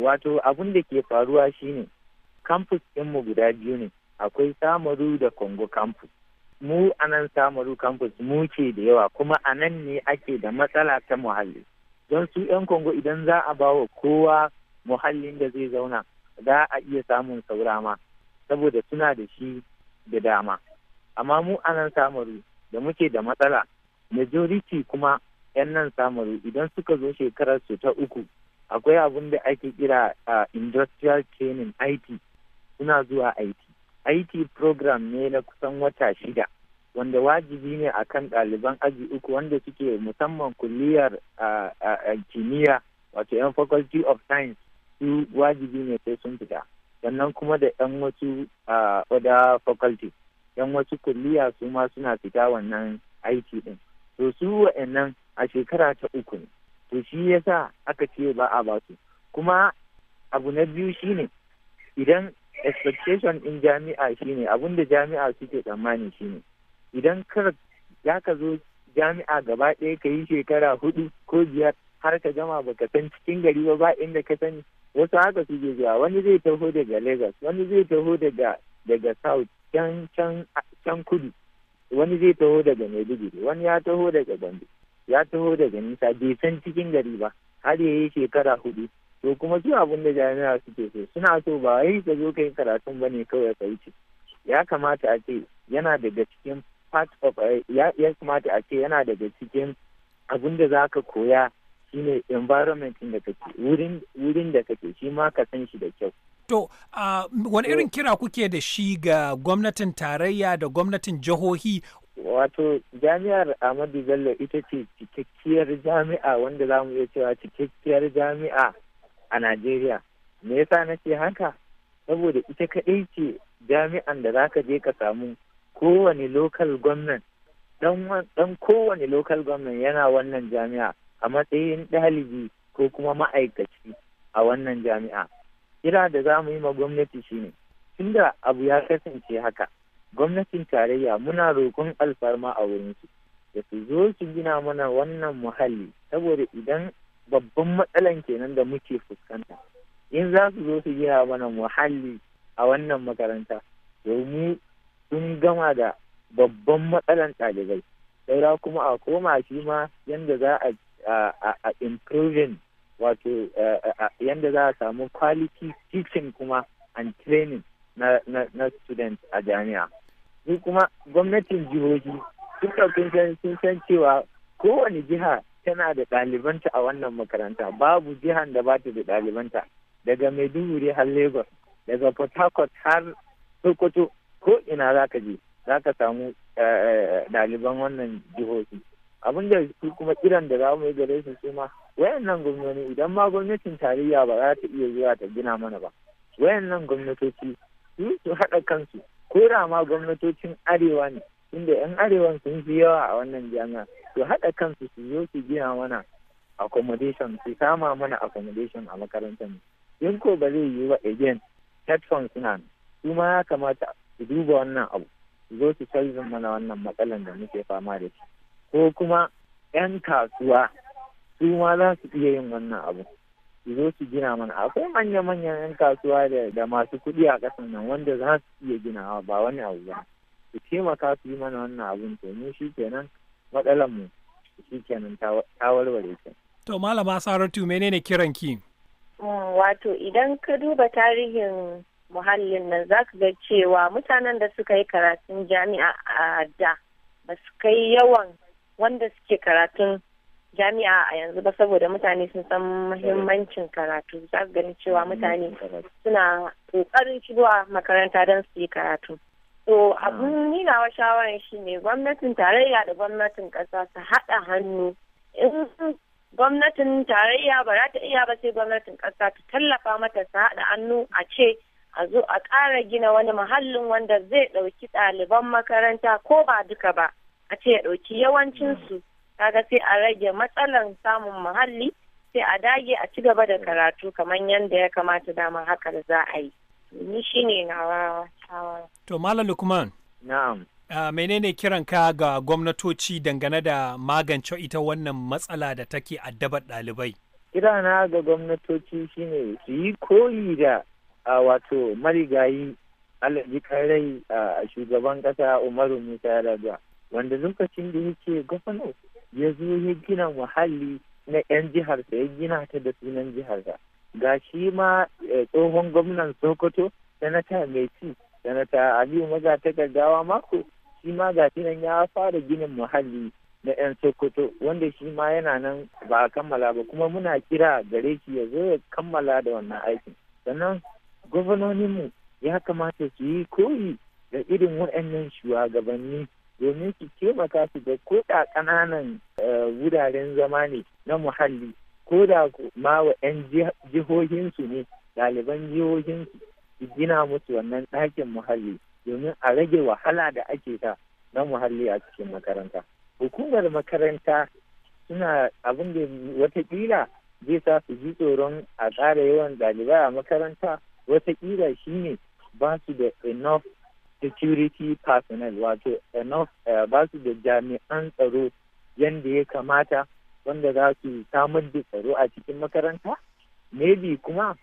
Wato abun da ke faruwa shine campus ɗinmu guda biyu ne akwai Samaru da Kongo campus. Mu a nan Samaru campus mu ke da yawa kuma a nan ne ake da matsala ta muhalli. Don su 'yan Kongo idan za a bawa kowa muhallin da zai zauna za a iya samun saurama saboda suna da shi da dama. Amma mu a nan Samaru da muke da matsala majority kuma 'yan nan Samaru idan suka zo shekarar su ta uku akwai abin da ake kira industrial training IT suna zuwa IT IT program ne na kusan wata shida wanda wajibi ne a kan ɗaliban aji uku wanda suke musamman kulliyar kimiyya wato yan faculty of science su wajibi ne sai sun fita sannan kuma da yan wasu oda faculty yan wasu kulliya su ma suna fita wannan IT din to su wa'annan a shekara ta uku ne to shi yasa aka ce ba a ba su kuma abu na biyu shine idan expectation in jami'a shine abun da jami'a suke tsammani shine idan kar ya ka zo jami'a gaba ɗaya ka yi shekara hudu ko biyar har ka gama baka san cikin gari ba ba inda ka sani wasu haka suke zuwa wani zai taho daga lagos wani zai taho daga south can kudu wani zai taho daga maiduguri wani ya taho daga gombe ya taho daga nisa bai san cikin gari ba har yayi shekara hudu to kuma su abun da jami'a suke so suna so ba wai ka zo kai karatun ba ne kawai ka wuce ya kamata a ce yana daga cikin part of ya kamata a ce yana daga cikin abin da za ka koya shine environment da kake wurin wurin da kake shi ma ka san shi da kyau To, wani irin kira kuke da shi ga gwamnatin tarayya da gwamnatin jihohi wato jami'ar Ahmadu Bello ita ce cikakkiyar jami'a wanda za mu iya cewa cikakkiyar jami'a a Najeriya. Me yasa na ce haka? Saboda ita kaɗai ce jami'an da za ka je ka samu kowane local government dan kowane local government yana wannan jami'a a matsayin ɗalibi ko kuma ma'aikaci a wannan jami'a. Kira da za mu yi ma gwamnati shine, tunda abu ya kasance haka, gwamnatin tarayya muna roƙon alfarma a wurin su da su zo su gina mana wannan muhalli saboda idan babban matsalan kenan da muke fuskanta in za su zo su gina mana muhalli a wannan makaranta domin sun gama da babban matsalan ɗalibai saura kuma a koma shi ma yadda za a improving wato yadda za a samu quality teaching kuma and training na student a jami'a. su kuma gwamnatin jihohi sun ɗauki sun san cewa kowane jiha tana da ɗalibanta a wannan makaranta babu jihan da ba ta da ɗalibanta daga maiduguri har lagos daga port harcourt har sokoto ko ina za ka je za ka samu eh, ɗaliban wannan jihohi abin da su kuma kiran da za mu yi gare su suma wayannan gwamnati idan ma gwamnatin tarayya ba za ta iya zuwa ta gina mana ba wayannan gwamnatoci su su haɗa kansu ko ma gwamnatocin arewa ne inda yan arewan sun fi yawa a wannan jami'a to haɗa kansu su zo su gina mana accommodation su sama mana accommodation a makarantar in ko ba zai yi ba again headphones suna su ma ya kamata su duba wannan abu su zo su solve mana wannan matsalan da muke fama da shi ko kuma 'yan kasuwa su ma za su iya yin wannan abu su zo su gina mana akwai manya-manyan 'yan kasuwa da masu kuɗi a ƙasar nan wanda za su iya ginawa ba wani abu ba su taimaka su yi mana wannan abun to mu shi kenan matsalar mu shi kenan ta warware ta. to malama saratu menene kiran ki. Mm, wato idan ka duba tarihin muhallin nan za ka ga cewa mutanen da suka yi karatun jami'a a da ba su kai yawan wanda suke karatun jami'a a yanzu ba saboda mutane sun san muhimmancin karatu za su gani cewa mutane suna kokarin shigowa makaranta don su yi karatu to abun ah. ni nawa shawarar shi ne gwamnatin tarayya da gwamnatin ƙasa su haɗa hannu in gwamnatin tarayya ba za ta iya ba sai gwamnatin ƙasa ta tallafa mata su haɗa hannu a ce a zo a ƙara gina wani muhallin wanda zai ɗauki ɗaliban makaranta ko ba duka ba a ce ya ɗauki yawancinsu kaga sai a rage matsalar samun muhalli sai a dage a ci gaba da karatu kamar yadda ya kamata dama hakan za a yi ni shine na shawara to malam lukman na'am Uh, menene ka ga gwamnatoci dangane da magance ita wannan matsala da take addabar ɗalibai? kirana ga gwamnatoci shine su yi koyi da wato marigayi alajikan rai a shugaban kasa umaru musa yaraba wanda lokacin da yake gwamnati. ya zo ya gina muhalli na 'yan jiharsa ya gina ta da sunan jiharsa ga shi ma eh, tsohon gwamnan sokoto sanata mai ci sanata aliyu maza ta gaggawa mako shi ma ga nan ya fara ginin muhalli na 'yan sokoto wanda shi ma yana nan ba a kammala ba kuma muna kira gare shi ya zo ya kammala da wannan aikin sannan gwamnoninmu ya kamata su yi koyi da irin waɗannan shugabanni domin taimaka su da ko da ƙananan eh, wuraren zama ne na muhalli ko da ma wa 'yan jihohinsu ne ɗaliban jihohinsu su gina musu wannan ɗakin muhalli domin a rage wahala da ake ta na muhalli a cikin makaranta hukumar makaranta suna abin da watakila zai sa su ji tsoron a ƙara yawan ɗalibai a makaranta watakila ne ba su da enough security personnel wato enough ba su da jami'an tsaro yadda ya kamata wanda za su samar da tsaro a cikin makaranta maybe kuma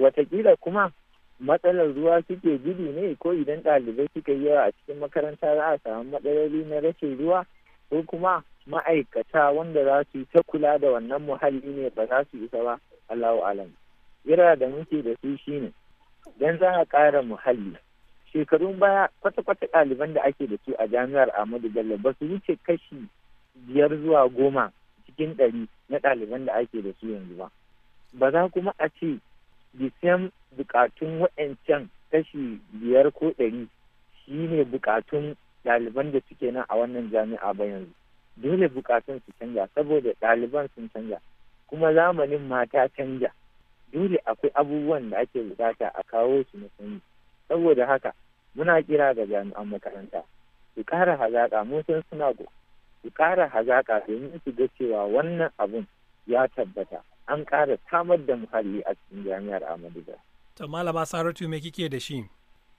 watakila kuma matsalar ruwa suke gudu ne ko idan ɗalibai suka yi yawa a cikin makaranta za a samu matsaloli na rashin ruwa ko kuma ma'aikata wanda za su ta kula da wannan muhalli ne ba za su isa ba Allahu alam. Ira da muke da su shine dan za a ƙara muhalli shekarun baya kwata-kwata ɗaliban da ake da su a jami'ar Ahmadu Bello ba su wuce kashi biyar zuwa goma cikin ɗari na ɗaliban da ake da su yanzu ba. Ba za kuma a ce the bukatun waɗancan kashi biyar ko ɗari shi ne bukatun ɗaliban da suke nan a wannan jami'a ba yanzu. Dole bukatun su canja saboda ɗaliban sun canja kuma zamanin mata canja. Dole akwai abubuwan da ake bukata a kawo su na canji. saboda haka muna kira ga jami'an makaranta su kara hazaƙa motar sun suna su kara hazaƙa domin su ga cewa wannan abun ya tabbata an kara samar da muhalli a cikin jami'ar Ahmadu Bello. To malama Saratu me kike da shi?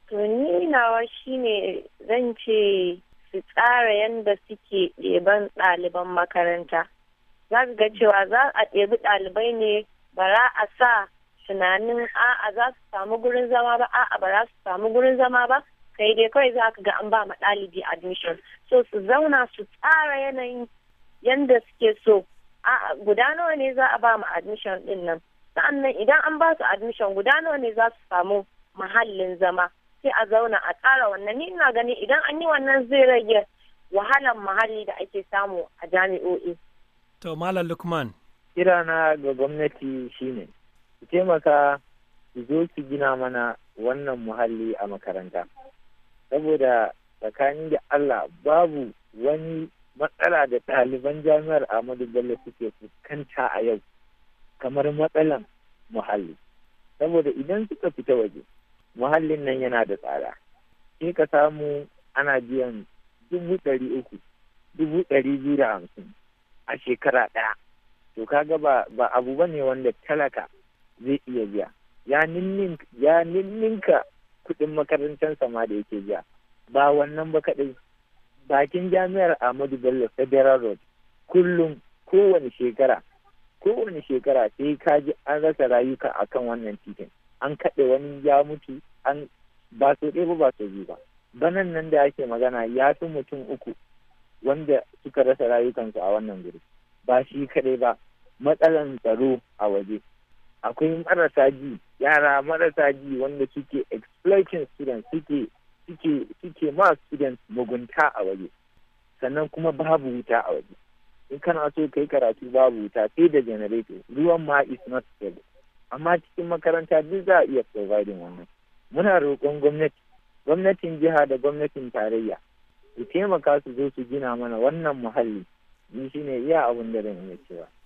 To ni nawa shine zan ce su tsara yadda suke ɗeban ɗaliban makaranta. Za ga cewa za a ɗebi ɗalibai ne bara a sa tunanin a'a za su samu gurin zama ba a'a ba za su samu gurin zama ba kai dai kawai za ka ga an ba ɗalibi admission so su zauna su tsara yanayin yanda suke so a'a guda nawa ne za a ba ma admission din nan sa'annan idan an ba su admission guda nawa ne za su samu mahallin zama sai a zauna a tsara wannan ni ina gani idan an yi wannan zai rage wahalan muhalli da ake samu a jami'o'i. To Malam Lukman. Kira na ga gwamnati shine su taimaka su zo ki gina mana wannan muhalli a makaranta saboda tsakanin da Allah babu wani matsala da ɗaliban jami'ar Ahmadu Bello suke fuskanta a yau kamar matsalan muhalli saboda idan suka fita waje muhallin nan yana da tsada sai ka samu ana biyan dubu ɗari uku dubu ɗari biyu da hamsin a shekara ɗaya to kaga ba ba abu bane wanda talaka zai iya biya ya ninninka kudin makarantar sama da yake biya ba wannan ba kaɗai bakin jami'ar Ahmadu Bello Federal Road kullum kowane shekara kowane shekara sai ka ji an rasa rayuka akan wannan titin an kaɗe wani ya mutu an ba so ɗaya ba ba so biyu ba banan nan da ake magana ya fi mutum uku wanda suka rasa rayukansu a wannan guri ba shi kaɗai ba matsalan tsaro a waje akwai marasa ji yara marasa ji wanda suke exploiting students suke suke suke ma students mugunta a waje sannan kuma babu wuta a waje in kana so kai karatu babu wuta sai da generator ruwan ma is not stable amma cikin makaranta duk za a iya providing wannan muna roƙon gwamnati gwamnatin jiha da gwamnatin tarayya su taimaka su zo su gina mana wannan muhalli ni shine iya abin da zan iya cewa